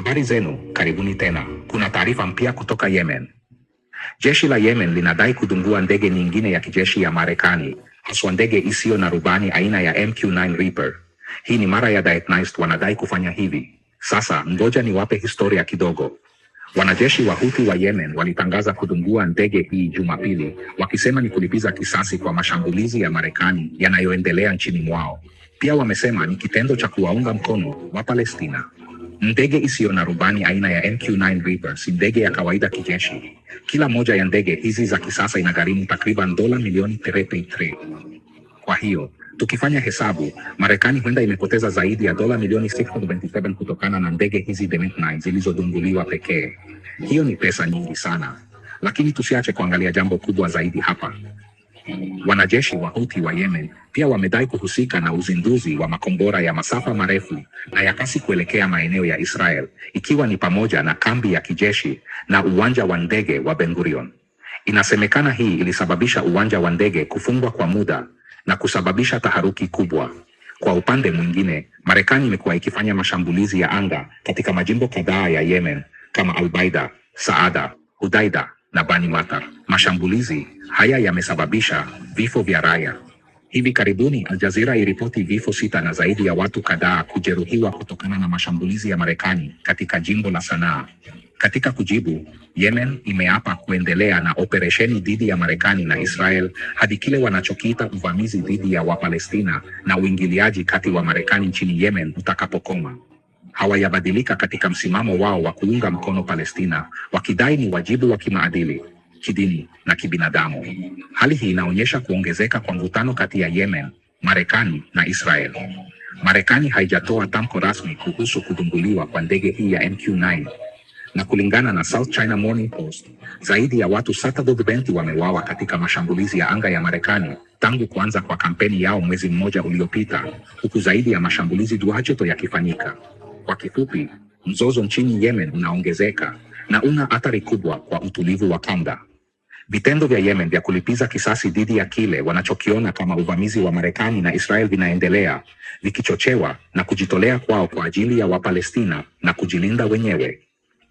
Habari zenu, karibuni tena. Kuna taarifa mpya kutoka Yemen. Jeshi la Yemen linadai kudungua ndege nyingine ya kijeshi ya Marekani, haswa ndege isiyo na rubani aina ya MQ-9 Reaper. Hii ni mara ya Dietnist wanadai kufanya hivi. Sasa ngoja niwape historia kidogo. Wanajeshi wa Houthi wa Yemen walitangaza kudungua ndege hii Jumapili, wakisema ni kulipiza kisasi kwa mashambulizi ya Marekani yanayoendelea nchini mwao. Pia wamesema ni kitendo cha kuwaunga mkono wa Palestina. Ndege isiyo na rubani aina ya MQ-9 Reaper si ndege ya kawaida kijeshi. Kila moja ya ndege hizi za kisasa inagharimu takriban dola milioni 33. Kwa hiyo tukifanya hesabu, Marekani huenda imepoteza zaidi ya dola milioni 627 kutokana na ndege hizi Demant 9 zilizodunguliwa pekee. Hiyo ni pesa nyingi sana, lakini tusiache kuangalia jambo kubwa zaidi hapa. Wanajeshi wa Houthi wa Yemen pia wamedai kuhusika na uzinduzi wa makombora ya masafa marefu na ya kasi kuelekea maeneo ya Israel, ikiwa ni pamoja na kambi ya kijeshi na uwanja wa ndege wa Ben Gurion. Inasemekana hii ilisababisha uwanja wa ndege kufungwa kwa muda na kusababisha taharuki kubwa. Kwa upande mwingine, Marekani imekuwa ikifanya mashambulizi ya anga katika majimbo kadhaa ya Yemen kama Albaida, Saada, hudaida na Bani Martha. Mashambulizi haya yamesababisha vifo vya raia. Hivi karibuni Aljazira iripoti vifo sita na zaidi ya watu kadhaa kujeruhiwa kutokana na mashambulizi ya Marekani katika jimbo la Sanaa. Katika kujibu, Yemen imeapa kuendelea na operesheni dhidi ya Marekani na Israel hadi kile wanachokiita uvamizi dhidi ya Wapalestina na uingiliaji kati wa Marekani nchini Yemen utakapokoma hawayabadilika katika msimamo wao wa kuunga mkono Palestina, wakidai ni wajibu wa kimaadili, kidini na kibinadamu. Hali hii inaonyesha kuongezeka kwa mvutano kati ya Yemen, Marekani na Israel. Marekani haijatoa tamko rasmi kuhusu kudunguliwa kwa ndege hii ya MQ-9 na kulingana na South China Morning Post, zaidi ya watu 720 wamewawa katika mashambulizi ya anga ya Marekani tangu kuanza kwa kampeni yao mwezi mmoja uliopita, huku zaidi ya mashambulizi duacheto yakifanyika. Kwa kifupi, mzozo nchini Yemen unaongezeka na una athari kubwa kwa utulivu wa kanda. Vitendo vya Yemen vya kulipiza kisasi dhidi ya kile wanachokiona kama uvamizi wa Marekani na Israel vinaendelea, vikichochewa na kujitolea kwao kwa ajili ya Wapalestina na kujilinda wenyewe.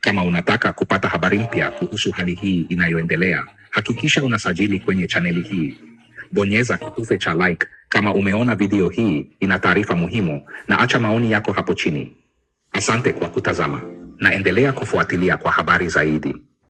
Kama unataka kupata habari mpya kuhusu hali hii inayoendelea, hakikisha unasajili kwenye chaneli hii. Bonyeza kitufe cha like kama umeona video hii ina taarifa muhimu, na acha maoni yako hapo chini. Asante kwa kutazama, naendelea kufuatilia kwa habari zaidi.